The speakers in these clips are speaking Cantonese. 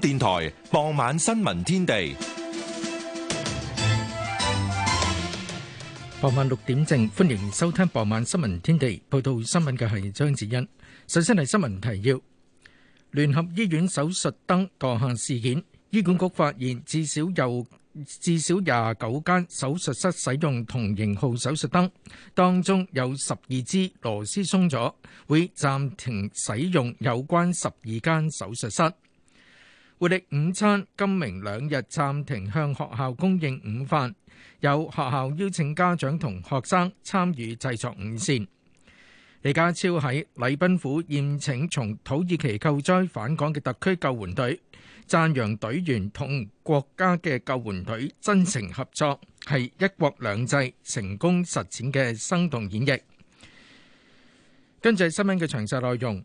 電台傍晚新聞天地，傍晚六點正，歡迎收聽傍晚新聞天地。報道新聞嘅係張子欣。首先係新聞提要：聯合醫院手術燈墮下事件，醫管局發現至少有至少廿九間手術室使用同型號手術燈，當中有十二支螺絲鬆咗，會暫停使用有關十二間手術室。活力午餐今明兩日暫停向學校供應午飯，有學校邀請家長同學生參與製作午膳。李家超喺禮賓府宴請從土耳其救災返港嘅特區救援隊，讚揚隊員同國家嘅救援隊真誠合作，係一國兩制成功實踐嘅生動演繹。跟住係新聞嘅詳細內容。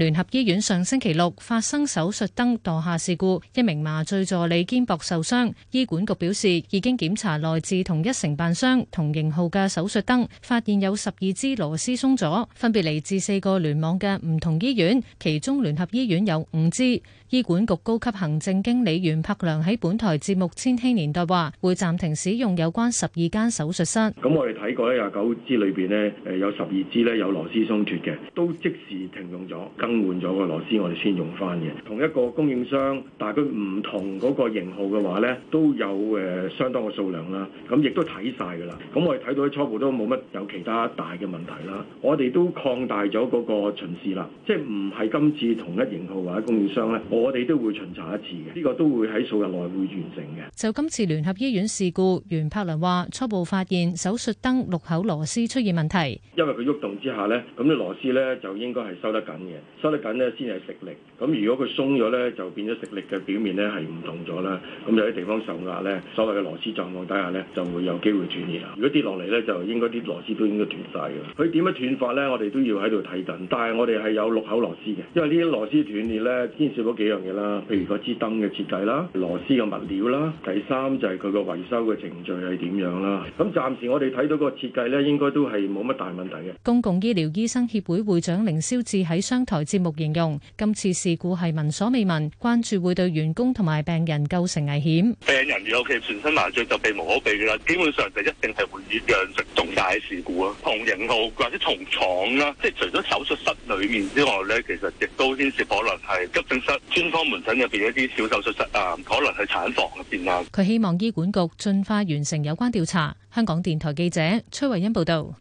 聯合醫院上星期六發生手術燈墮下事故，一名麻醉助理肩膊受傷。醫管局表示，已經檢查內置同一承辦商同型號嘅手術燈，發現有十二支螺絲鬆咗，分別嚟自四個聯網嘅唔同醫院，其中聯合醫院有五支。醫管局高級行政經理袁柏良喺本台節目《千禧年代》話，會暫停使用有關十二間手術室。咁我哋睇過咧，廿九支裏邊呢，誒，有十二支咧有螺絲鬆脫嘅，都即時停用咗，更換咗個螺絲，我哋先用翻嘅。同一個供應商，但係佢唔同嗰個型號嘅話咧，都有誒相當嘅數量啦。咁亦都睇晒噶啦。咁我哋睇到初步都冇乜有，有其他大嘅問題啦。我哋都擴大咗嗰個巡視啦，即係唔係今次同一型號或者供應商咧。我哋都會巡查一次嘅，呢個都會喺數日內會完成嘅。就今次聯合醫院事故，袁柏倫話初步發現手術燈六口螺絲出現問題。因為佢喐動之下呢，咁啲螺絲呢就應該係收得緊嘅，收得緊呢先係食力。咁如果佢鬆咗呢，就變咗食力嘅表面呢係唔同咗啦。咁有啲地方受壓呢，所謂嘅螺絲狀況底下呢，就會有機會斷裂啦。如果跌落嚟呢，就應該啲螺絲都應該斷曬㗎。佢點樣斷法呢？我哋都要喺度睇緊。但係我哋係有六口螺絲嘅，因為呢啲螺絲斷裂呢，牽涉到幾樣嘢啦，譬如嗰支燈嘅設計啦，螺絲嘅物料啦，第三就係佢個維修嘅程序係點樣啦。咁暫時我哋睇到個設計咧，應該都係冇乜大問題嘅。公共醫療醫生協會會長凌霄智喺商台節目形容，今次事故係聞所未聞，關注會對員工同埋病人構成危險。病人如果其全身麻醉就避無可避噶啦，基本上就一定係會釀成重大嘅事故啊。同型號或者同廠啦，即係除咗手術室裏面之外咧，其實亦都牽涉可能係急症室，專科門診入邊一啲小手術室啊，可能係產房入邊啊。佢希望醫管局盡快完成有關調查。香港電台記者崔惠恩報道。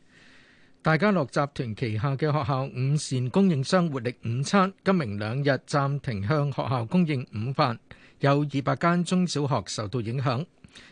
大家樂集團旗下嘅學校午膳供應商活力午餐今明兩日暫停向學校供應午飯，有二百間中小學受到影響。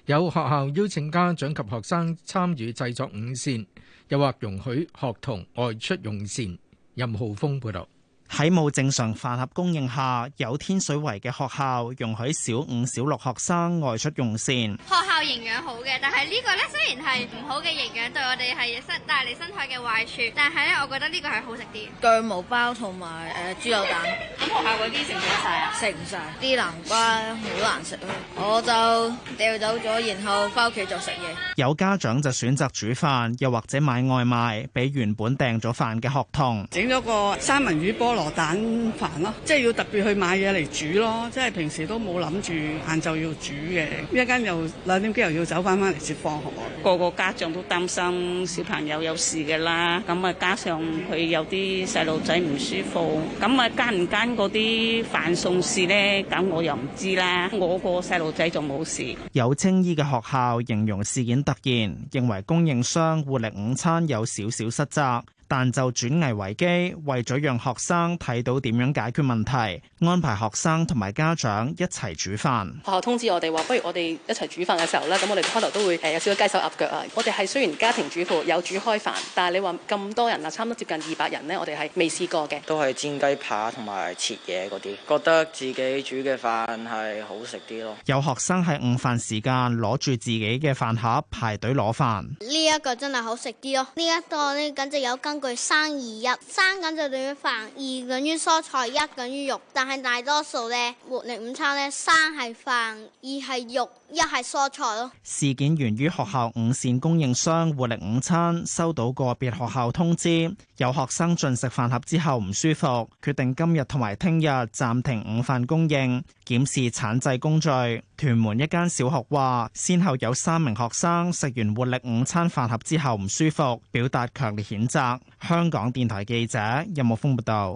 有學校邀請家長及學生參與製作午膳，又或容許學童外出用膳。任浩峰報道。喺冇正常飯盒供應下，有天水圍嘅學校容許小五、小六學生外出用膳。學校營養好嘅，但係呢個咧雖然係唔好嘅營養，對我哋係身帶嚟身體嘅壞處。但係咧，我覺得呢個係好食啲。醬毛包同埋誒豬柳蛋。咁 學校嗰啲食唔曬啊？食唔曬啲南瓜好難食咯。我就掉走咗，然後返屋企做食嘢。有家長就選擇煮飯，又或者買外賣，俾原本訂咗飯嘅學童。整咗個三文魚波。羅蛋飯咯，即係要特別去買嘢嚟煮咯，即係平時都冇諗住晏晝要煮嘅。一間又兩點幾又要走翻翻嚟接放學，個個家長都擔心小朋友有事嘅啦。咁啊，加上佢有啲細路仔唔舒服，咁啊，間唔間嗰啲飯餸事呢，咁我又唔知啦。我個細路仔就冇事。有青衣嘅學校形容事件突然，認為供應商活力午餐有少少失責。但就轉危為機，為咗讓學生睇到點樣解決問題，安排學生同埋家長一齊煮飯。學校通知我哋話，不如我哋一齊煮飯嘅時候呢，咁我哋開頭都會誒有少少雞手鴨腳啊。我哋係雖然家庭主婦有煮開飯，但係你話咁多人啊，差唔多接近二百人呢，我哋係未試過嘅。都係煎雞扒同埋切嘢嗰啲，覺得自己煮嘅飯係好食啲咯。有學生喺午飯時間攞住自己嘅飯盒排隊攞飯。呢一個真係好食啲咯，呢一個呢，簡直有根據三二一，三就等於飯，二等於蔬菜，一等於肉。但係大多數咧，活力午餐咧，三係飯，二係肉。一係蔬菜咯。事件源於學校午膳供應商活力午餐收到個別學校通知，有學生進食飯盒之後唔舒服，決定今日同埋聽日暫停午飯供應，檢視產製工序。屯門一間小學話，先後有三名學生食完活力午餐飯盒之後唔舒服，表達強烈譴責。香港電台記者任木峰報道。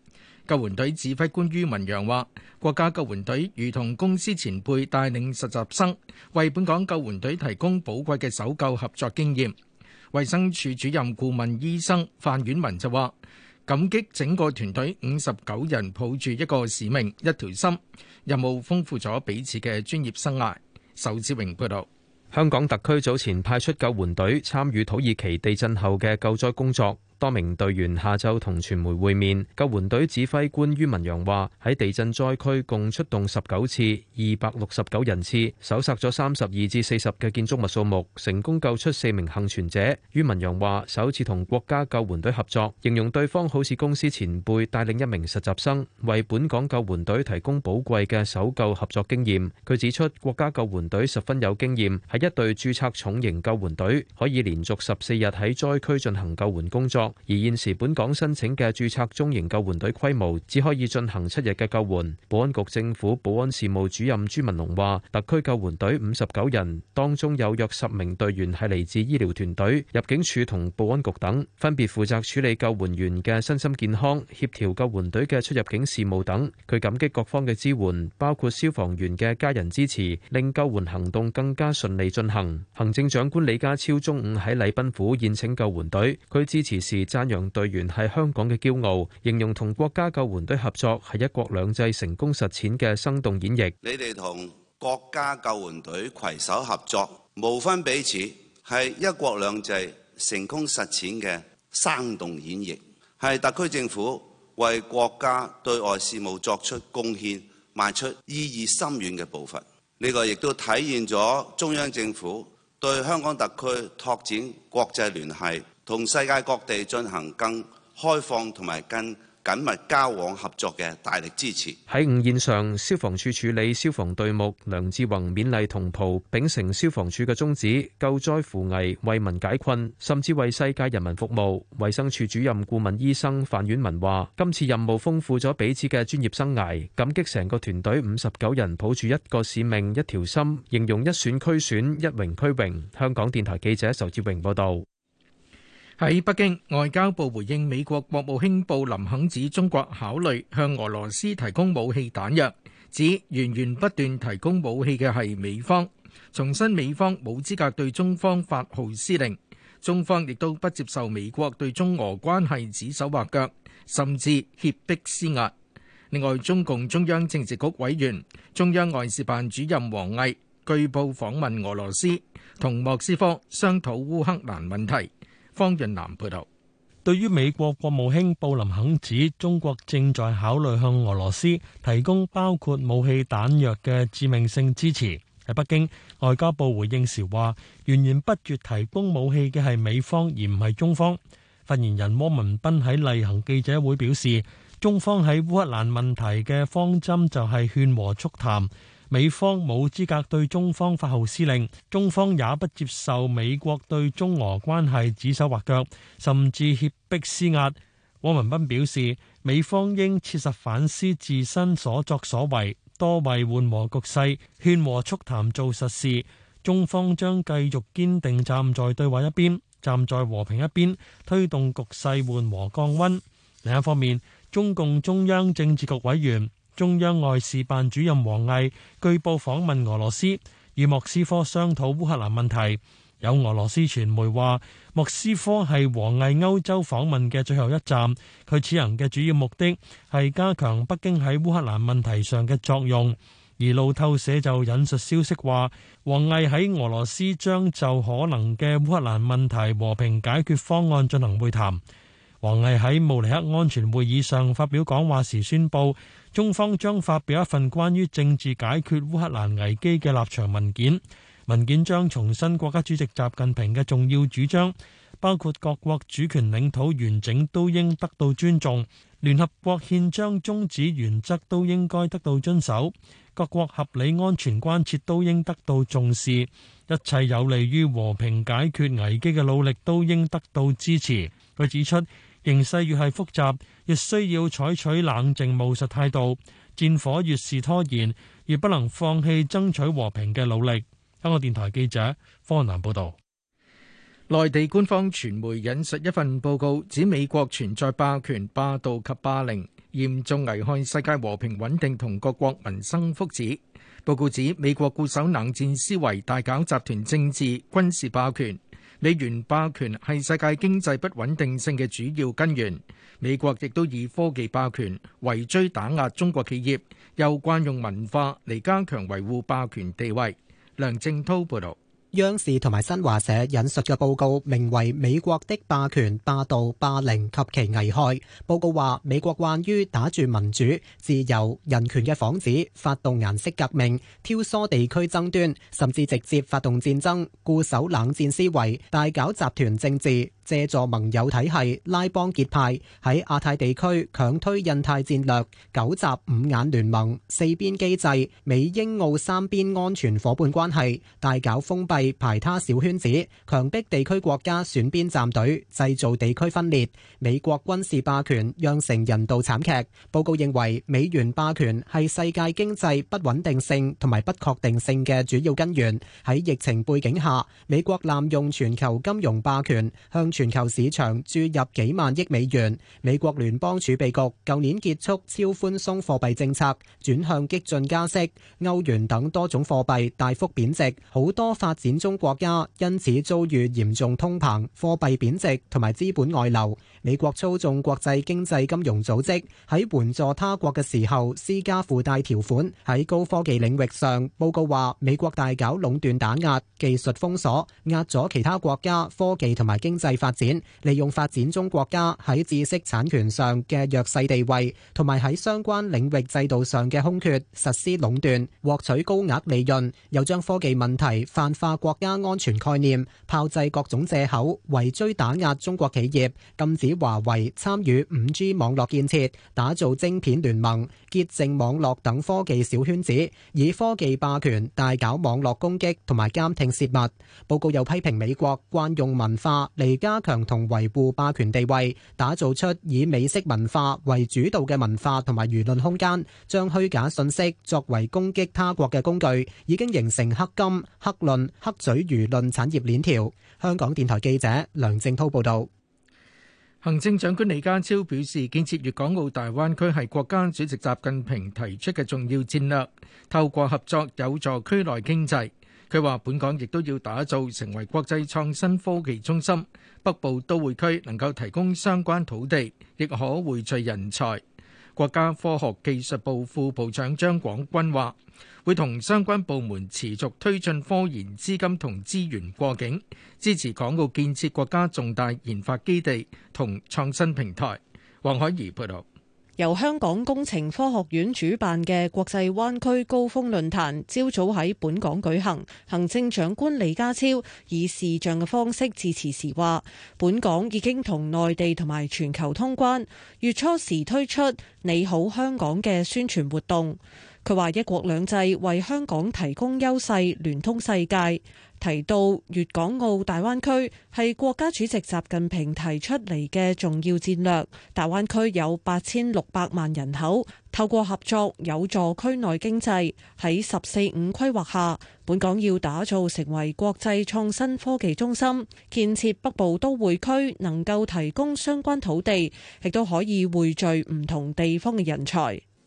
救援隊指揮官于文揚話，國家救援隊如同公司前輩帶領實習生，為本港救援隊提供寶貴嘅搜救合作經驗。衛生署主任顧問醫生範婉文就話，感激整個團隊五十九人抱住一個使命、一條心，任務豐富咗彼此嘅專業生涯。仇志榮報道，香港特區早前派出救援隊參與土耳其地震後嘅救災工作。多名隊員下晝同傳媒會面。救援隊指揮官于文陽話：喺地震災區共出動十九次，二百六十九人次搜索咗三十二至四十嘅建築物數目，成功救出四名幸存者。于文陽話：首次同國家救援隊合作，形容對方好似公司前輩帶領一名實習生，為本港救援隊提供寶貴嘅搜救合作經驗。佢指出，國家救援隊十分有經驗，係一隊註冊重型救援隊，可以連續十四日喺災區進行救援工作。而現時本港申請嘅註冊中型救援隊規模，只可以進行七日嘅救援。保安局政府保安事務主任朱文龍話，特區救援隊五十九人，當中有約十名隊員係嚟自醫療團隊、入境處同保安局等，分別負責處理救援員嘅身心健康、協調救援隊嘅出入境事務等。佢感激各方嘅支援，包括消防員嘅家人支持，令救援行動更加順利進行。行政長官李家超中午喺禮賓府宴請救援隊，佢致辭時，而讚揚隊員係香港嘅驕傲，形容同國家救援隊合作係一國兩制成功實踐嘅生動演繹。你哋同國家救援隊攜手合作，無分彼此，係一國兩制成功實踐嘅生動演繹，係特區政府為國家對外事務作出貢獻邁出意義深遠嘅步伐。呢個亦都體現咗中央政府對香港特區拓展國際聯繫同世界各地進行更開放同埋更緊密交往合作嘅大力支持。喺午宴上，消防處處理消防隊目梁志宏勉勵同袍，秉承消防處嘅宗旨，救災扶危，為民解困，甚至為世界人民服務。衞生署主任顧問醫生范婉文話：今次任務豐富咗彼此嘅專業生涯，感激成個團隊五十九人抱住一個使命一條心，形容一選俱選一榮俱榮。香港電台記者仇志榮報導。喺北京，外交部回應美國國務卿布林肯指中國考慮向俄羅斯提供武器彈藥，指源源不斷提供武器嘅係美方，重申美方冇資格對中方發號施令，中方亦都不接受美國對中俄關係指手畫腳，甚至脅迫施壓。另外，中共中央政治局委員、中央外事辦主任王毅據報訪問俄羅斯，同莫斯科商討烏克蘭問題。方振南陪同。對於美國國務卿布林肯指中國正在考慮向俄羅斯提供包括武器彈藥嘅致命性支持，喺北京，外交部回應時話，源源不絕提供武器嘅係美方，而唔係中方。發言人汪文斌喺例行記者會表示，中方喺烏克蘭問題嘅方針就係勸和促談。美方冇資格對中方發號施令，中方也不接受美國對中俄關係指手畫腳，甚至脅迫施壓。汪文斌表示，美方應切實反思自身所作所為，多為緩和局勢、勸和促談做實事。中方將繼續堅定站在對話一邊，站在和平一邊，推動局勢緩和降温。另一方面，中共中央政治局委員、中央外事辦主任王毅據報訪問俄羅斯，與莫斯科商討烏克蘭問題，有俄羅斯傳媒話莫斯科係王毅歐洲訪問嘅最後一站。佢此行嘅主要目的係加強北京喺烏克蘭問題上嘅作用。而路透社就引述消息話王毅喺俄羅斯將就可能嘅烏克蘭問題和平解決方案進行會談，王毅喺慕尼黑安全會議上發表講話時宣布。中方將發表一份關於政治解決烏克蘭危機嘅立場文件，文件將重申國家主席習近平嘅重要主張，包括各國主權、領土完整都應得到尊重，聯合國憲章宗旨原則都應該得到遵守，各國合理安全關切都應得到重視，一切有利於和平解決危機嘅努力都應得到支持。佢指出，形勢越係複雜，越需要採取冷靜務實態度；戰火越是拖延，越不能放棄爭取和平嘅努力。香港電台記者方南報道。內地官方傳媒引述一份報告，指美國存在霸權、霸道及霸凌，嚴重危害世界和平穩定同各國民生福祉。報告指美國固守冷戰思維，大搞集團政治、軍事霸權。美元霸權係世界經濟不穩定性嘅主要根源，美國亦都以科技霸權圍追打壓中國企業，又慣用文化嚟加強維護霸權地位。梁正滔報導。央視同埋新華社引述嘅報告名為《美國的霸權、霸道、霸凌及其危害》。報告話，美國慣於打著民主、自由、人權嘅幌子，發動顏色革命、挑唆地區爭端，甚至直接發動戰爭，固守冷戰思維，大搞集團政治。借助盟友體系拉幫結派，喺亞太地區強推印太戰略，糾集五眼聯盟、四邊機制、美英澳三邊安全夥伴關係，大搞封閉排他小圈子，強迫地區國家選邊站隊，製造地區分裂。美國軍事霸權釀成人道慘劇。報告認為，美元霸權係世界經濟不穩定性同埋不確定性嘅主要根源。喺疫情背景下，美國濫用全球金融霸權，向全球市場注入幾萬億美元，美國聯邦儲備局舊年結束超寬鬆貨幣政策，轉向激進加息，歐元等多種貨幣大幅貶值，好多發展中國家因此遭遇嚴重通膨、貨幣貶值同埋資本外流。美國操縱國際經濟金融組織喺援助他國嘅時候施加附帶條款，喺高科技領域上。報告話美國大搞壟斷打壓、技術封鎖，壓咗其他國家科技同埋經濟發展，利用發展中國家喺知識產權上嘅弱勢地位同埋喺相關領域制度上嘅空缺，實施壟斷，獲取高額利潤，又將科技問題泛化國家安全概念，炮製各種藉口，圍追打壓中國企業，禁止。以華為參與五 G 網絡建設、打造晶片聯盟、潔淨網絡等科技小圈子，以科技霸權大搞網絡攻擊同埋監聽洩密。報告又批評美國慣用文化嚟加強同維護霸權地位，打造出以美式文化為主導嘅文化同埋輿論空間，將虛假信息作為攻擊他國嘅工具，已經形成黑金、黑論、黑嘴輿論產業鏈條。香港電台記者梁正濤報道。行政長官李家超表示，建設粵港澳大灣區係國家主席習近平提出嘅重要戰略，透過合作有助區內經濟。佢話，本港亦都要打造成為國際創新科技中心，北部都會區能夠提供相關土地，亦可匯聚人才。國家科學技術部副部長張廣軍話，會同相關部門持續推進科研資金同資源過境，支持港澳建設國家重大研發基地同創新平台。黃海怡報導。由香港工程科學院主辦嘅國際灣區高峰論壇，朝早喺本港舉行，行政長官李家超以視像嘅方式致辭時話，本港已經同內地同埋全球通關，月初時推出“你好香港”嘅宣傳活動。佢話一國兩制為香港提供優勢，聯通世界。提到粵港澳大灣區係國家主席習近平提出嚟嘅重要戰略。大灣區有八千六百萬人口，透過合作有助區內經濟，喺十四五規劃下，本港要打造成為國際創新科技中心。建設北部都會區能夠提供相關土地，亦都可以匯聚唔同地方嘅人才。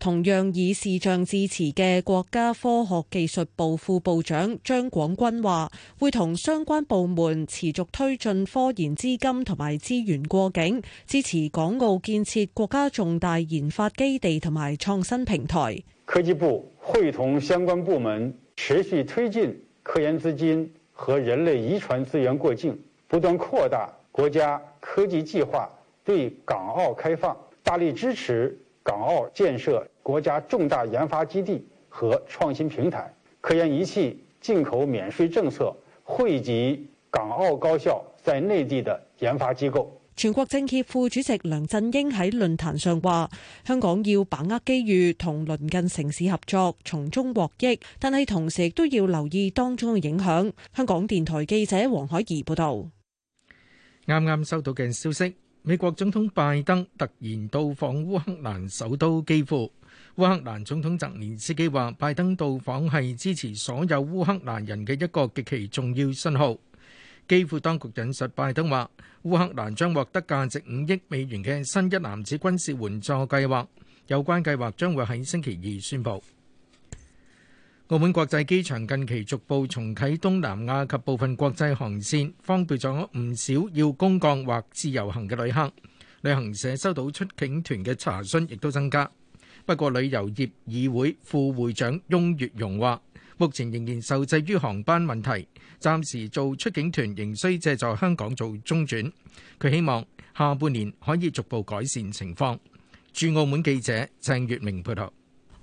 同樣以視像致辭嘅國家科學技術部副部長張廣軍話，會同相關部門持續推進科研資金同埋資源過境，支持港澳建設國家重大研發基地同埋創新平台。科技部會同相關部門持續推進科研資金和人類遺傳資源過境，不斷擴大。國家科技計劃對港澳開放，大力支持港澳建設國家重大研發基地和創新平台，科研儀器進口免稅政策惠及港澳高校在內地的研發機構。全國政協副主席梁振英喺論壇上話：香港要把握機遇，同鄰近城市合作，從中獲益，但係同時都要留意當中嘅影響。香港電台記者黃海怡報道。啱啱收到嘅消息，美國總統拜登突然到訪烏克蘭首都基輔。烏克蘭總統澤連斯基話，拜登到訪係支持所有烏克蘭人嘅一個極其重要信號。基輔當局引述拜登話，烏克蘭將獲得價值五億美元嘅新一攬子軍事援助計劃，有關計劃將會喺星期二宣布。澳門國際機場近期逐步重啟東南亞及部分國際航線，方便咗唔少要公幹或自由行嘅旅客。旅行社收到出境團嘅查詢亦都增加。不過旅遊業議會副會長翁月容話，目前仍然受制於航班問題，暫時做出境團仍需借助香港做中轉。佢希望下半年可以逐步改善情況。駐澳門記者鄭月明報道。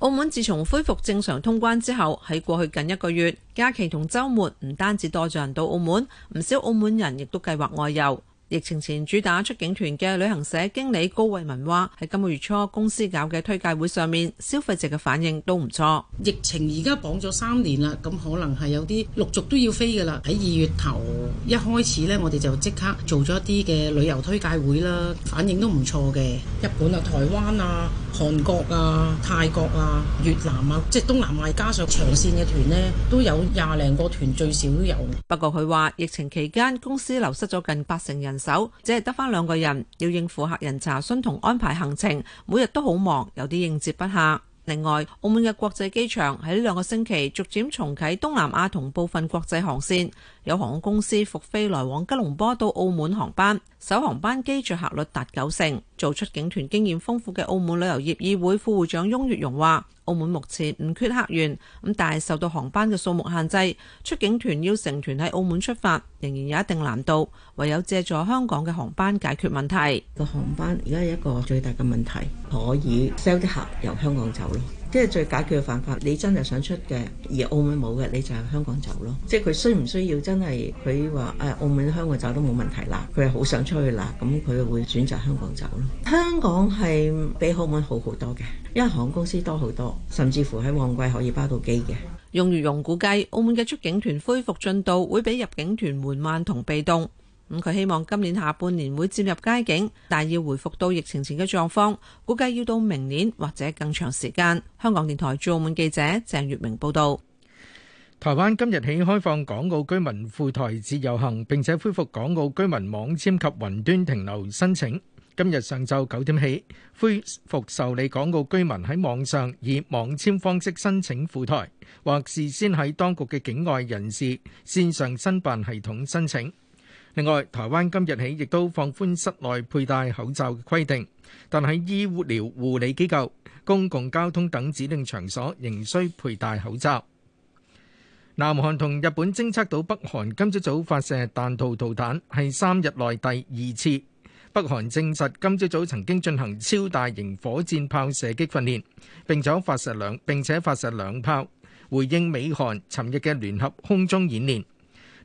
澳門自從恢復正常通關之後，喺過去近一個月，假期同周末唔單止多咗人到澳門，唔少澳門人亦都計劃外遊。疫情前主打出境團嘅旅行社經理高慧文話：喺今個月初公司搞嘅推介會上面，消費者嘅反應都唔錯。疫情而家綁咗三年啦，咁可能係有啲陸續都要飛噶啦。喺二月頭一開始呢，我哋就即刻做咗一啲嘅旅遊推介會啦，反應都唔錯嘅。日本啊、台灣啊、韓國啊、泰國啊、越南啊，即係東南亞加上長線嘅團呢，都有廿零個團最少都有。不過佢話，疫情期間公司流失咗近八成人手，只係得返兩個人要應付客人查詢同安排行程，每日都好忙，有啲應接不暇。另外，澳門嘅國際機場喺呢兩個星期逐漸重啟東南亞同部分國際航線，有航空公司復飛來往吉隆坡到澳門航班。首航班機載客率達九成，做出警團經驗豐富嘅澳門旅遊業議會副會長翁月容話。澳門目前唔缺客源，咁但係受到航班嘅數目限制，出境團要成團喺澳門出發，仍然有一定難度，唯有借助香港嘅航班解決問題。個航班而家係一個最大嘅問題，可以 sell 啲客由香港走咯。即係最解決嘅辦法。你真係想出嘅，而澳門冇嘅，你就係香港走咯。即係佢需唔需要真係佢話誒澳門香港走都冇問題啦？佢係好想出去啦，咁佢就會選擇香港走咯。香港係比澳門好好多嘅，因為航空公司多好多，甚至乎喺旺季可以包到機嘅。用粵語估計，澳門嘅出境團恢復進度會比入境團緩慢同被動。咁佢希望今年下半年會漸入佳境，但要回復到疫情前嘅狀況，估計要到明年或者更長時間。香港電台駐澳門記者鄭月明報道。台灣今日起開放港澳居民赴台自由行，並且恢復港澳居民網簽及雲端停留申請。今日上晝九點起恢復受理港澳居民喺網上以網簽方式申請赴台，或事先喺當局嘅境外人士線上申辦系統申請。另外，台灣今日起亦都放寬室內佩戴口罩嘅規定，但喺醫護療護理機構、公共交通等指定場所仍需佩戴口罩。南韓同日本偵測到北韓今朝早發射彈道導彈，係三日內第二次。北韓證實今朝早曾經進行超大型火箭炮射擊訓練，並且發射兩並且發射兩炮，回應美韓尋日嘅聯合空中演練。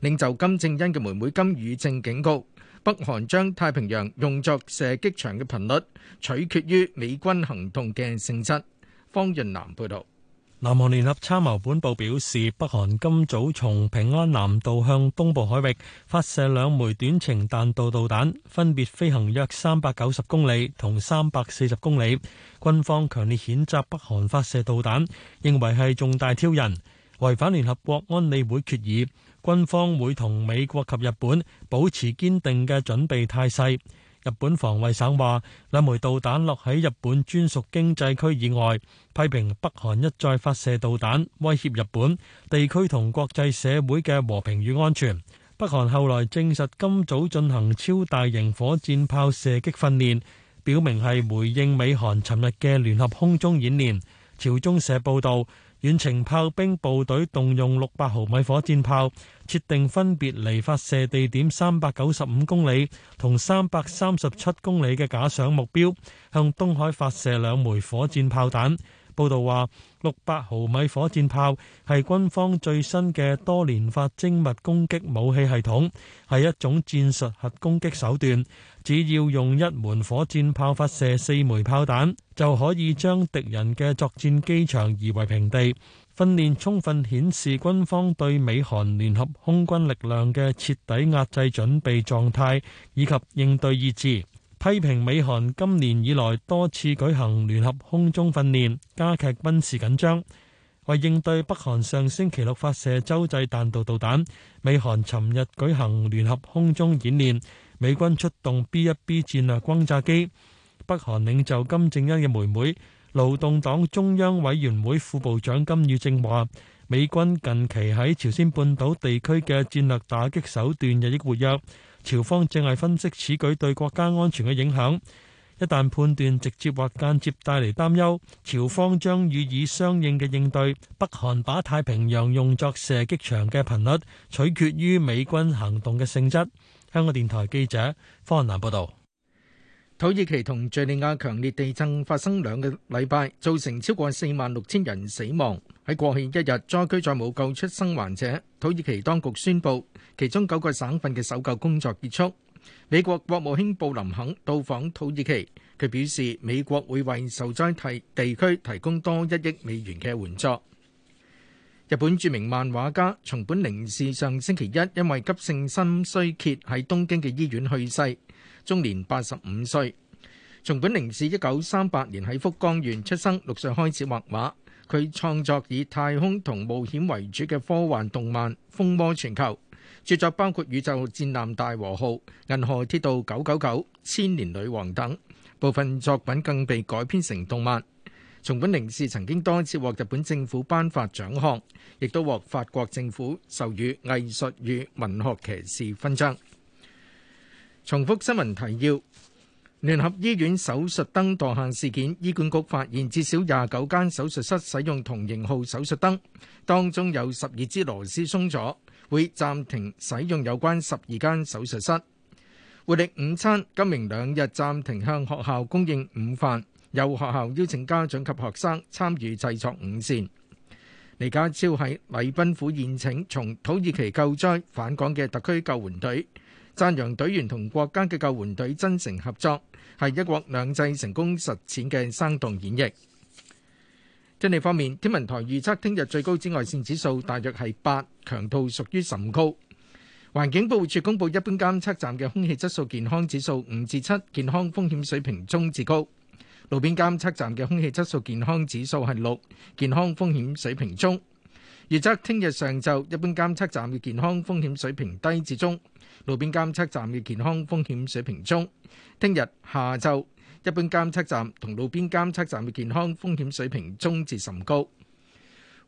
另就金正恩嘅妹妹金宇正警告，北韓將太平洋用作射擊場嘅頻率取決於美軍行動嘅性質。方潤南報道，南韓聯合參謀本部表示，北韓今早從平安南道向東部海域發射兩枚短程彈道導彈，分別飛行約三百九十公里同三百四十公里。軍方強烈譴責北韓發射導彈，認為係重大挑釁，違反聯合國安理會決議。軍方會同美國及日本保持堅定嘅準備態勢。日本防衛省話，兩枚導彈落喺日本專屬經濟區以外，批評北韓一再發射導彈威脅日本地區同國際社會嘅和平與安全。北韓後來證實今早進行超大型火箭炮射擊訓練，表明係回應美韓尋日嘅聯合空中演練。朝中社報道。遠程炮兵部隊動用六百毫米火箭炮，設定分別離發射地點三百九十五公里同三百三十七公里嘅假想目標，向東海發射兩枚火箭炮彈。報道話，六百毫米火箭炮係軍方最新嘅多連發精密攻擊武器系統，係一種戰術核攻擊手段。只要用一門火箭炮發射四枚炮彈，就可以將敵人嘅作戰機場夷為平地。訓練充分顯示軍方對美韓聯合空軍力量嘅徹底壓制準備狀態以及應對意志。批評美韓今年以來多次舉行聯合空中訓練，加劇軍事緊張。為應對北韓上星期六發射洲際彈道導彈，美韓尋日舉行聯合空中演練。美軍出動 B-1B 戰略轟炸機，北韓領袖金正恩嘅妹妹、勞動黨中央委員會副部長金與正話：美軍近期喺朝鮮半島地區嘅戰略打擊手段日益活躍，朝方正係分析此舉對國家安全嘅影響。一旦判斷直接或間接帶嚟擔憂，朝方將予以相應嘅應對。北韓把太平洋用作射擊場嘅頻率取決於美軍行動嘅性質。香港電台記者方南報道：土耳其同敘利亞強烈地震發生兩個禮拜，造成超過四萬六千人死亡。喺過去一日，災區再冇救出生還者。土耳其當局宣布，其中九個省份嘅搜救工作結束。美國國務卿布林肯到訪土耳其，佢表示美國會為受災提地區提供多一億美元嘅援助。日本著名漫畫家松本零士上星期一因為急性心衰竭喺東京嘅醫院去世，終年八十五歲。松本零士一九三八年喺福岡縣出生，六歲開始畫畫，佢創作以太空同冒險為主嘅科幻動漫風靡全球，著作包括《宇宙戰艦大和號》、《銀河鐵道九九九》《千年女王》等，部分作品更被改編成動漫。松本零士曾經多次獲日本政府頒發獎項，亦都獲法國政府授予藝術與文學騎士勳章。重複新聞提要：聯合醫院手術燈墮下事件，醫管局發現至少廿九間手術室使用同型號手術燈，當中有十二支螺絲鬆咗，會暫停使用有關十二間手術室。活力午餐今明兩日暫停向學校供應午飯。有學校邀請家長及學生參與製作午膳。李家超喺禮賓府宴請從土耳其救災返港嘅特區救援隊，讚揚隊員同國家嘅救援隊真誠合作，係一國兩制成功實踐嘅生動演繹。天氣方面，天文台預測聽日最高紫外線指數大約係八，強度屬於甚高。環境保護署公佈一般監測站嘅空氣質素健康指數五至七，健康風險水平中至高。路邊監測站嘅空氣質素健康指數係六，健康風險水平中。預測聽日上晝一般監測站嘅健康風險水平低至中，路邊監測站嘅健康風險水平中。聽日下晝一般監測站同路邊監測站嘅健康風險水平中至甚高。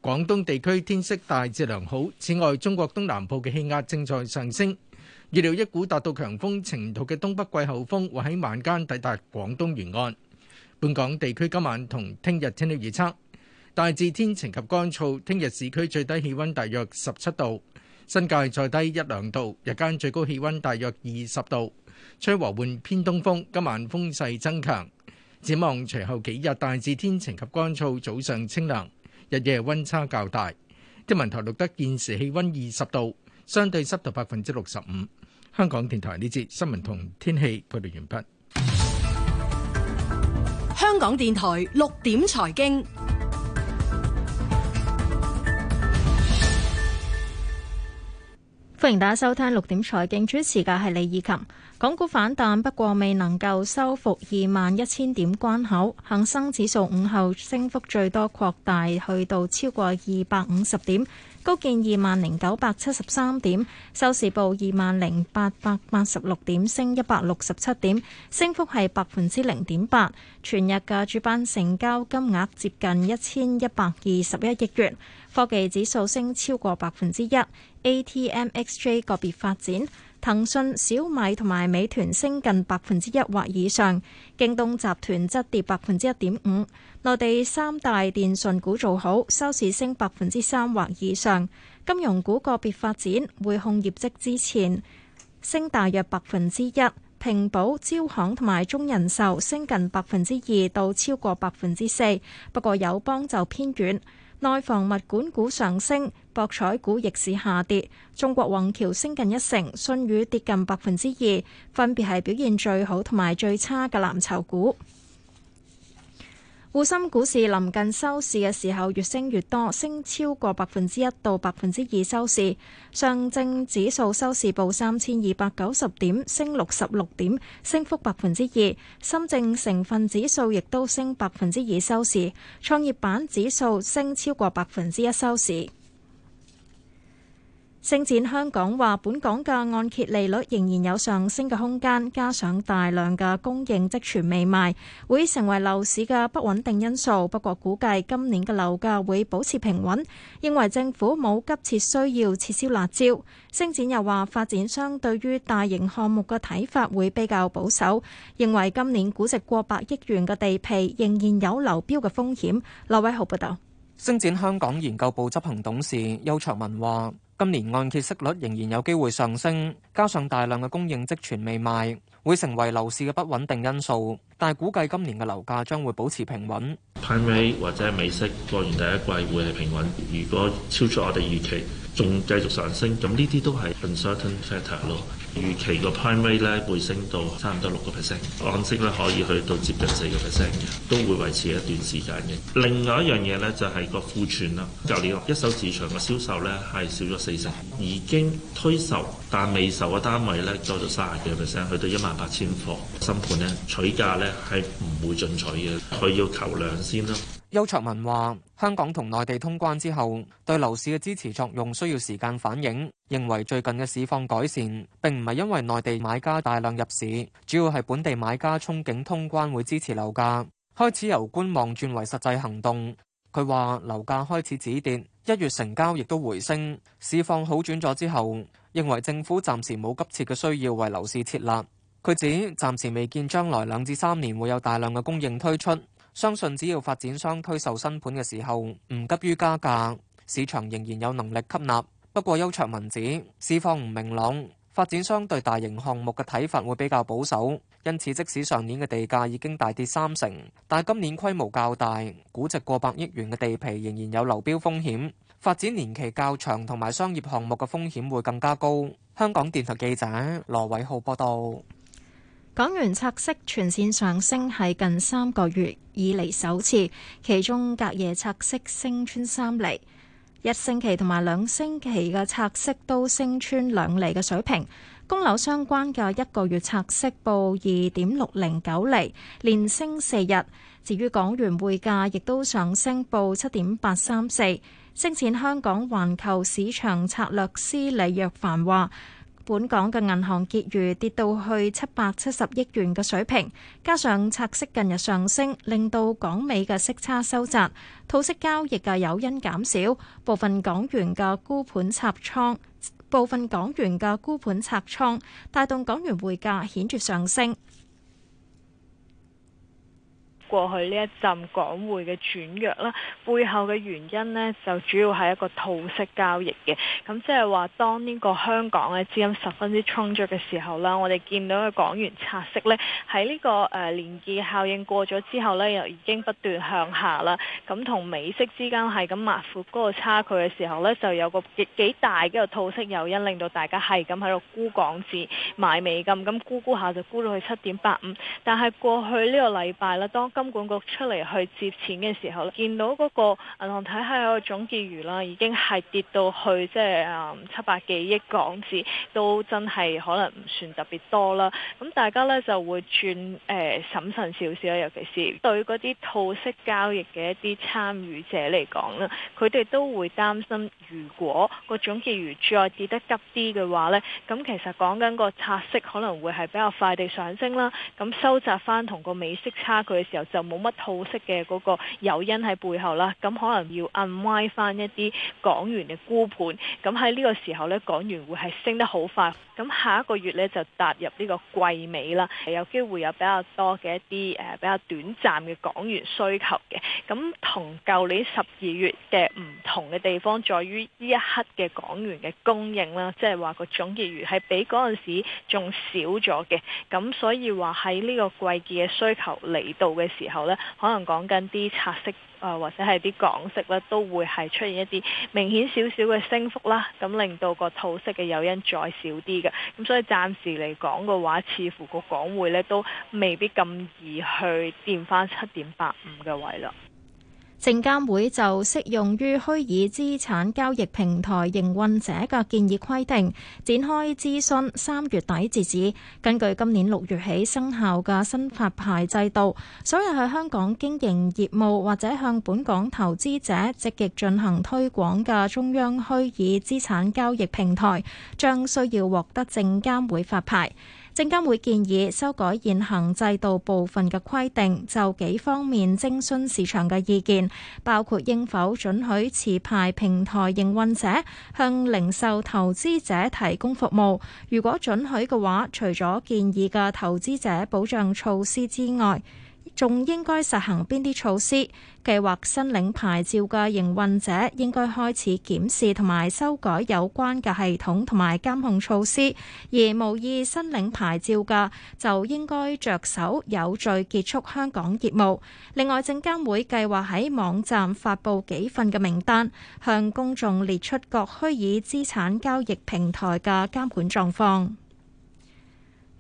廣東地區天色大致良好。此外，中國東南部嘅氣壓正在上升，預料一股達到強風程度嘅東北季候風會喺晚間抵達廣東沿岸。本港地區今晚同聽日天氣預測，大致天晴及乾燥。聽日市區最低氣温大約十七度，新界再低一兩度。日間最高氣温大約二十度，吹和緩偏東風。今晚風勢增強。展望隨後幾日，大致天晴及乾燥，早上清涼，日夜温差較大。天文台錄得現時氣温二十度，相對濕度百分之六十五。香港電台呢節新聞同天氣報道完畢。香港電台六點財經，歡迎大家收聽六點財經，主持嘅係李綺琴。港股反彈，不過未能夠收復二萬一千點關口。恆生指數午後升幅最多擴大，去到超過二百五十點，高見二萬零九百七十三點，收市報二萬零八百八十六點，升一百六十七點，升幅係百分之零點八。全日嘅主板成交金額接近一千一百二十一億元。科技指數升超過百分之一。ATMXJ 個別發展。騰訊、小米同埋美團升近百分之一或以上，京東集團則跌百分之一點五。內地三大電信股做好，收市升百分之三或以上。金融股個別發展，匯控業績之前升大約百分之一，平保、招行同埋中人壽升近百分之二到超過百分之四，不過友邦就偏軟。內房物管股上升，博彩股逆市下跌。中國宏橋升近一成，信義跌近百分之二，分別係表現最好同埋最差嘅藍籌股。滬深股市臨近收市嘅時候，越升越多，升超過百分之一到百分之二收市。上證指數收市報三千二百九十點，升六十六點，升幅百分之二。深證成分指數亦都升百分之二收市，創業板指數升超過百分之一收市。星展香港話：本港嘅按揭利率仍然有上升嘅空間，加上大量嘅供應積存未賣，會成為樓市嘅不穩定因素。不過估計今年嘅樓價會保持平穩。認為政府冇急切需要撤銷辣招。星展又話：發展商對於大型項目嘅睇法會比較保守，認為今年估值過百億元嘅地皮仍然有流標嘅風險。劉偉豪報導。星展香港研究部執行董事邱卓文話：今年按揭息率仍然有機會上升，加上大量嘅供應積存未賣，會成為樓市嘅不穩定因素。但係估計今年嘅樓價將會保持平穩。派尾或者係美息過完第一季會係平穩，如果超出我哋預期，仲繼續上升，咁呢啲都係 uncertain factor 咯。預期個 prime rate 咧會升到差唔多六個 percent，按息咧可以去到接近四個 percent，嘅，都會維持一段時間嘅。另外一樣嘢咧就係個庫存啦。舊年一手市場嘅銷售咧係少咗四成，已經推售但未售嘅單位咧多咗三十幾個 percent，去到一萬八千伙。新盤咧取價咧係唔會進取嘅，佢要求量先啦。邱卓文話香港同內地通關之後，對樓市嘅支持作用需要時間反映。認為最近嘅市況改善並唔係因為內地買家大量入市，主要係本地買家憧憬通關會支持樓價開始由觀望轉為實際行動，佢話樓價開始止跌，一月成交亦都回升，市況好轉咗之後，認為政府暫時冇急切嘅需要為樓市設立。佢指暫時未見將來兩至三年會有大量嘅供應推出。相信只要發展商推售新盤嘅時候唔急於加價，市場仍然有能力吸納。不過邱卓文指市況唔明朗，發展商對大型項目嘅睇法會比較保守。因此即使上年嘅地價已經大跌三成，但今年規模較大、估值過百億元嘅地皮仍然有流標風險，發展年期較長同埋商業項目嘅風險會更加高。香港電台記者羅偉浩報道。港元拆息全線上升係近三個月以嚟首次，其中隔夜拆息升穿三厘，一星期同埋兩星期嘅拆息都升穿兩厘嘅水平。供樓相關嘅一個月拆息報二點六零九厘，連升四日。至於港元匯價亦都上升報七點八三四。星展香港環球市場策略師李若凡話。本港嘅銀行結餘跌到去七百七十億元嘅水平，加上拆息近日上升，令到港美嘅息差收窄，套息交易嘅誘因減少，部分港元嘅沽盤拆倉，部分港元嘅沽盤拆倉，帶動港元匯價顯著上升。過去呢一陣港匯嘅轉弱啦，背後嘅原因呢，就主要係一個套息交易嘅。咁即係話當呢個香港嘅資金十分之充足嘅時候啦，我哋見到嘅港元拆息呢喺呢個誒年結效應過咗之後呢又已經不斷向下啦。咁同美息之間係咁抹闊嗰個差距嘅時候呢，就有個幾幾大嘅套息誘因，令到大家係咁喺度沽港紙買美金，咁沽沽下就沽到去七點八五。但係過去呢個禮拜啦，當今金管局出嚟去接錢嘅時候咧，見到嗰個銀行體系個總結餘啦，已經係跌到去即係誒七百幾億港紙，都真係可能唔算特別多啦。咁大家咧就會轉誒審慎少少，尤其是對嗰啲套息交易嘅一啲參與者嚟講啦，佢哋都會擔心，如果個總結餘再跌得急啲嘅話咧，咁其實講緊個拆息可能會係比較快地上升啦，咁收窄翻同個美息差距嘅時候。就冇乜套息嘅嗰個誘因喺背後啦，咁可能要 unwind 翻一啲港元嘅沽盤，咁喺呢個時候咧，港元會係升得好快，咁下一個月咧就踏入呢個季尾啦，係有機會有比較多嘅一啲誒、呃、比較短暫嘅港元需求嘅，咁同舊年十二月嘅唔同嘅地方，在於呢一刻嘅港元嘅供應啦，即係話個總結餘係比嗰陣時仲少咗嘅，咁所以話喺呢個季節嘅需求嚟到嘅時候咧，可能講緊啲拆息啊，或者係啲港息咧，都會係出現一啲明顯少少嘅升幅啦，咁令到個套息嘅誘因再少啲嘅，咁、嗯、所以暫時嚟講嘅話，似乎個港匯咧都未必咁易去掂翻七點八五嘅位啦。證監會就適用於虛擬資產交易平台營運者嘅建議規定，展開諮詢，三月底截止。根據今年六月起生效嘅新發牌制度，所有喺香港經營業務或者向本港投資者積極進行推廣嘅中央虛擬資產交易平台，將需要獲得證監會發牌。證監會建議修改現行制度部分嘅規定，就幾方面徵詢市場嘅意見，包括應否准許持牌平台營運者向零售投資者提供服務，如果准許嘅話，除咗建議嘅投資者保障措施之外，仲應該實行邊啲措施？計劃申領牌照嘅營運者應該開始檢視同埋修改有關嘅系統同埋監控措施，而無意申領牌照嘅就應該着手有序結束香港業務。另外，證監會計劃喺網站發布幾份嘅名單，向公眾列出各虛擬資產交易平台嘅監管狀況。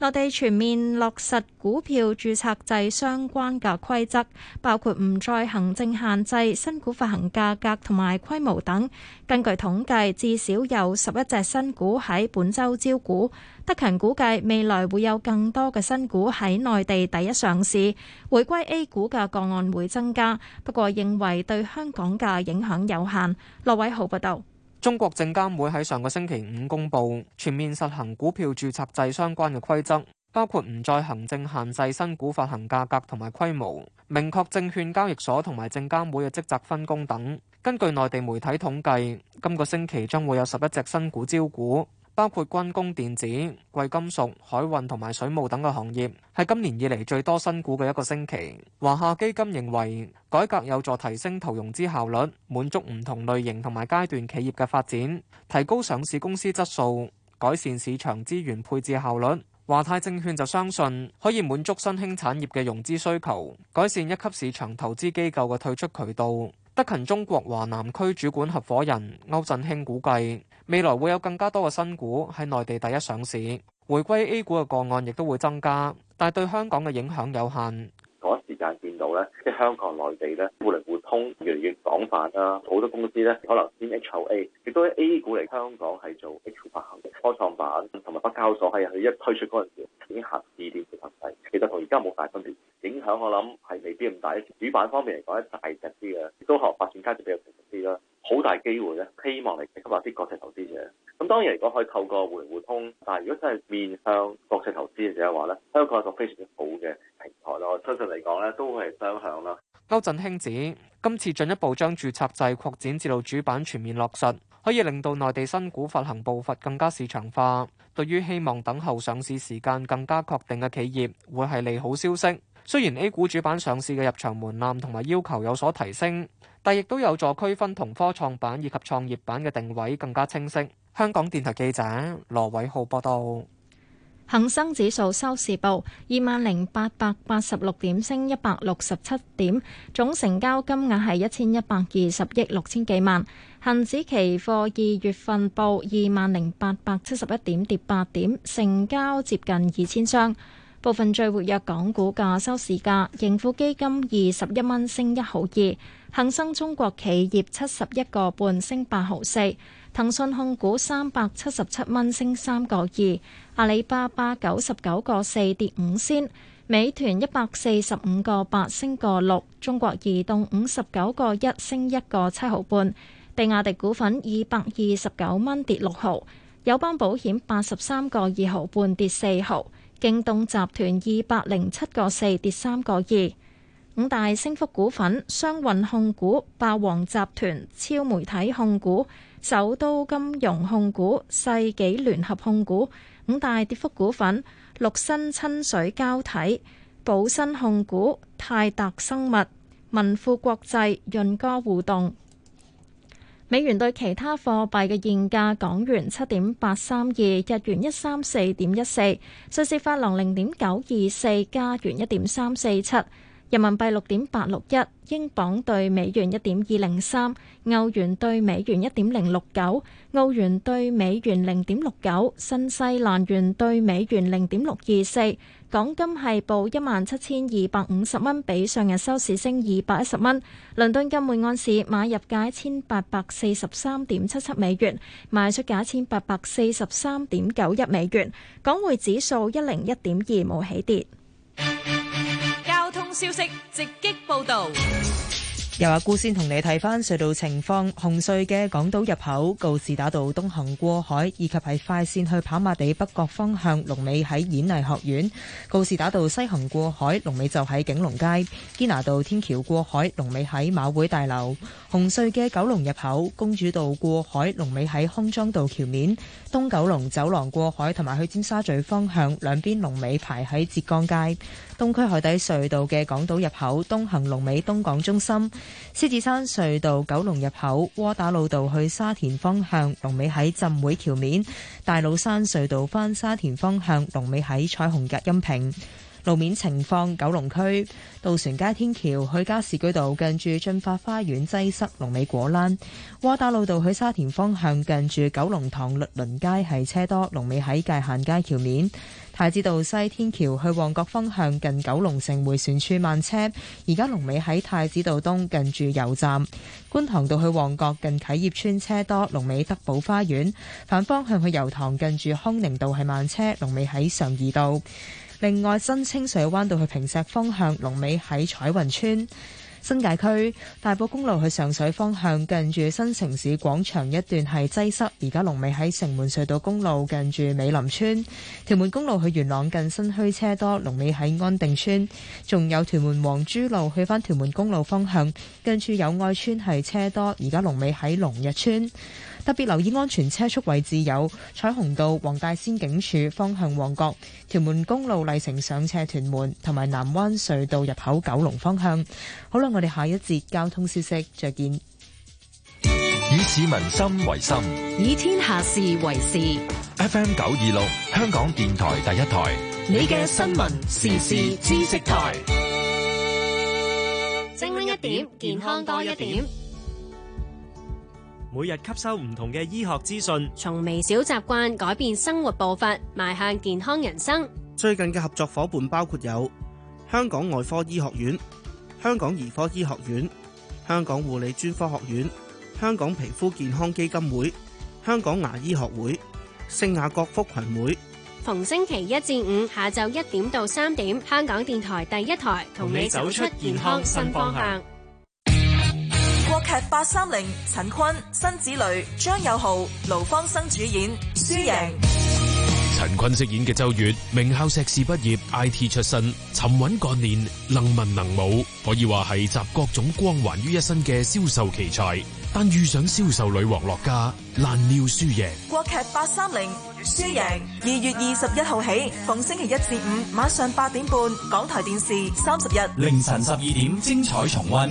內地全面落實股票注冊制相關嘅規則，包括唔再行政限制、新股發行價格同埋規模等。根據統計，至少有十一隻新股喺本周招股。德勤估計未來會有更多嘅新股喺內地第一上市，回歸 A 股嘅個案會增加。不過認為對香港嘅影響有限。羅偉豪報道。中國證監會喺上個星期五公佈全面實行股票註冊制相關嘅規則，包括唔再行政限制新股發行價格同埋規模，明確證券交易所同埋證監會嘅職責分工等。根據內地媒體統計，今個星期將會有十一隻新股招股。包括軍工、電子、貴金屬、海運同埋水務等嘅行業，係今年以嚟最多新股嘅一個星期。華夏基金認為，改革有助提升投融資效率，滿足唔同類型同埋階段企業嘅發展，提高上市公司質素，改善市場資源配置效率。華泰證券就相信，可以滿足新興產業嘅融資需求，改善一級市場投資機構嘅退出渠道。德勤中國華南區主管合伙人歐振興估計。未來會有更加多嘅新股喺內地第一上市，回歸 A 股嘅個案亦都會增加，但係對香港嘅影響有限。嗰 時間見到咧，即係香港內地咧互聯互通越嚟越廣泛啦，好多公司咧可能先 H O A，亦都喺 A 股嚟香港係做 h 發行，科創板同埋北交所係佢一推出嗰陣時已經核試點嘅範圍，其實同而家冇大分別。影響我諗係未必咁大，主板方面嚟講咧大隻啲嘅，亦都學發展階段比較成熟啲啦，好大機會咧，希望你。話啲國際投資者，咁當然如果可以透過互聯互通，但係如果真係面向國際投資嘅話咧，香港係一個非常之好嘅平台咯。相信嚟講咧，都係雙向啦。歐振興指，今次進一步將註冊制擴展至到主板全面落實，可以令到內地新股發行步伐更加市場化。對於希望等候上市時間更加確定嘅企業，會係利好消息。雖然 A 股主板上市嘅入場門檻同埋要求有所提升。但亦都有助區分同科創板以及創業板嘅定位更加清晰。香港電台記者羅偉浩報道，恒生指數收市報二萬零八百八十六點，升一百六十七點，總成交金額係一千一百二十億六千幾萬。恒指期貨二月份報二萬零八百七十一點，跌八點，成交接近二千張。部分最活躍港股價收市價，盈富基金二十一蚊升一毫二，恒生中國企業七十一個半升八毫四，騰訊控股三百七十七蚊升三個二，阿里巴巴九十九個四跌五仙，美團一百四十五個八升個六，中國移動五十九個一升一個七毫半，比亞迪股份二百二十九蚊跌六毫，友邦保險八十三個二毫半跌四毫。京東集團二百零七個四跌三個二，五大升幅股份：商運控股、霸王集團、超媒體控股、首都金融控股、世紀聯合控股。五大跌幅股份：綠新親水膠體、寶新控股、泰達生物、民富國際、潤歌互動。美元兌其他貨幣嘅現價：港元七點八三二，日元一三四點一四，瑞士法郎零點九二四，加元一點三四七，人民幣六點八六一，英鎊對美元一點二零三，歐元對美元一點零六九，澳元對美元零點六九，新西蘭元對美元零點六二四。港金係報一萬七千二百五十蚊，比上日收市升二百一十蚊。倫敦金每安士買入價一千八百四十三點七七美元，賣出價一千八百四十三點九一美元。港匯指數一零一點二，冇起跌。交通消息直擊報道。又話，阿先同你睇翻隧道情況。紅隧嘅港島入口告士打道東行過海，以及喺快線去跑馬地北角方向，龍尾喺演藝學院；告士打道西行過海，龍尾就喺景隆街；堅拿道天橋過海，龍尾喺馬會大樓。紅隧嘅九龍入口公主道過海，龍尾喺康莊道橋面；東九龍走廊過海，同埋去尖沙咀方向，兩邊龍尾排喺浙江街。東區海底隧道嘅港島入口東行龍尾東港中心，獅子山隧道九龍入口窩打老道去沙田方向龍尾喺浸會橋面，大老山隧道返沙田方向龍尾喺彩虹隔音屏路面情況，九龍區渡船街天橋去加士居道近住駿發花園擠塞龍，龍尾果欄，窩打老道去沙田方向近住九龍塘律倫街係車多，龍尾喺界限街橋面。太子道西天橋去旺角方向近九龍城回旋處慢車，而家龍尾喺太子道東近住油站。觀塘道去旺角近啟業村車多，龍尾德寶花園。反方向去油塘近住康寧道係慢車，龍尾喺常怡道。另外，新清水灣道去坪石方向，龍尾喺彩雲村。新界區大埔公路去上水方向，近住新城市廣場一段係擠塞，而家龍尾喺城門隧道公路近住美林村。屯門公路去元朗近新墟車多，龍尾喺安定村。仲有屯門黃珠路去返屯門公路方向，近住友愛村係車多，而家龍尾喺龍日村。特別留意安全車速位置有彩虹道黃大仙警署方向旺角屯門公路麗城上斜屯門同埋南灣隧道入口九龍方向。好啦，我哋下一節交通消息再見。以市民心為心，以天下事為事。FM 九二六，香港電台第一台，你嘅新聞時事知識台，精靈一點，健康多一點。每日吸收唔同嘅醫學資訊，從微小習慣改變生活步伐，邁向健康人生。最近嘅合作夥伴包括有香港外科醫學院、香港兒科醫學院、香港護理專科學院、香港皮膚健康基金會、香港牙醫學會、聖雅各福群會。逢星期一至五下晝一點到三點，香港電台第一台同你走出健康新方向。國劇八三零，陳坤、辛芷蕾、張友豪、盧芳生主演。輸贏贏。陳坤飾演嘅周月，名校碩士畢業，IT 出身，沉穩幹練，能文能武，可以話係集各種光環於一身嘅銷售奇才。但遇上銷售女王樂家，難料輸贏。國劇八三零，輸贏。二月二十一號起，逢星期一至五晚上八點半，港台電視三十日凌晨十二點，精彩重溫。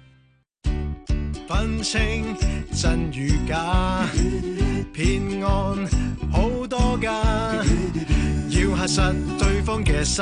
分清真與假，騙案好多㗎， 要核實對方嘅身。